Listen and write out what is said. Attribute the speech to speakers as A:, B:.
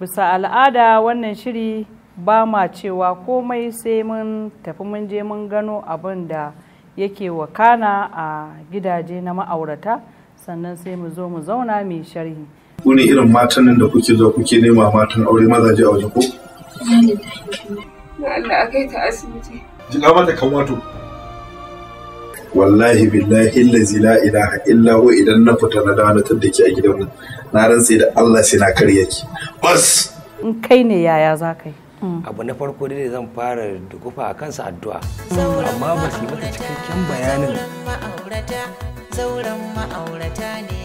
A: bisa al'ada wannan shiri ba ma cewa komai sai mun tafi mun je mun gano abin da yake wakana a gidaje na ma'aurata sannan sai mu zo mu zauna mai sharhi
B: Kuni irin matan nan da kuke zo kuke
C: nema matan aure mazaje a waje ko
D: na Allah kai ta asibiti
C: jiga mata kan wato wallahi billahi allazi la ilaha illa idan na fita na dawo na tadda a gidan nan na rantse da Allah sai na karya ki
D: bas in kai ne yaya za ka yi mm. abu na farko dai zan fara da dukufa a kansa addu'a amma ba su yi mata cikakken bayanin
A: zauren ma'aurata ne